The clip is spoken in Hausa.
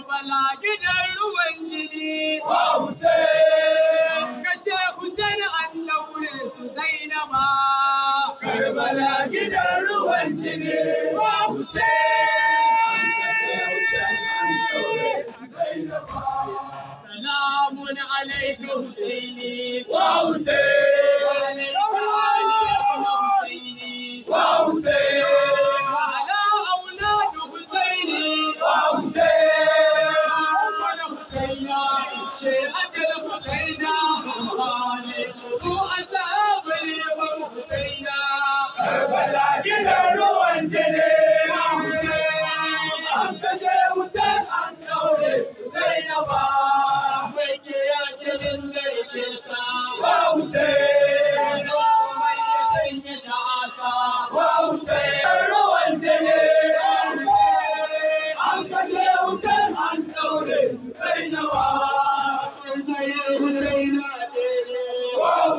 Karbala gidan ruwan jini. Wa Hussein. Kashe Hussein an daure su Zainaba. Karbala gidan ruwan jini. Wa Hussein. Kashe Hussein an daure su Zainaba. Salamun alaika Husaini. Wa Hussein. شيئا يا حسين يا حسين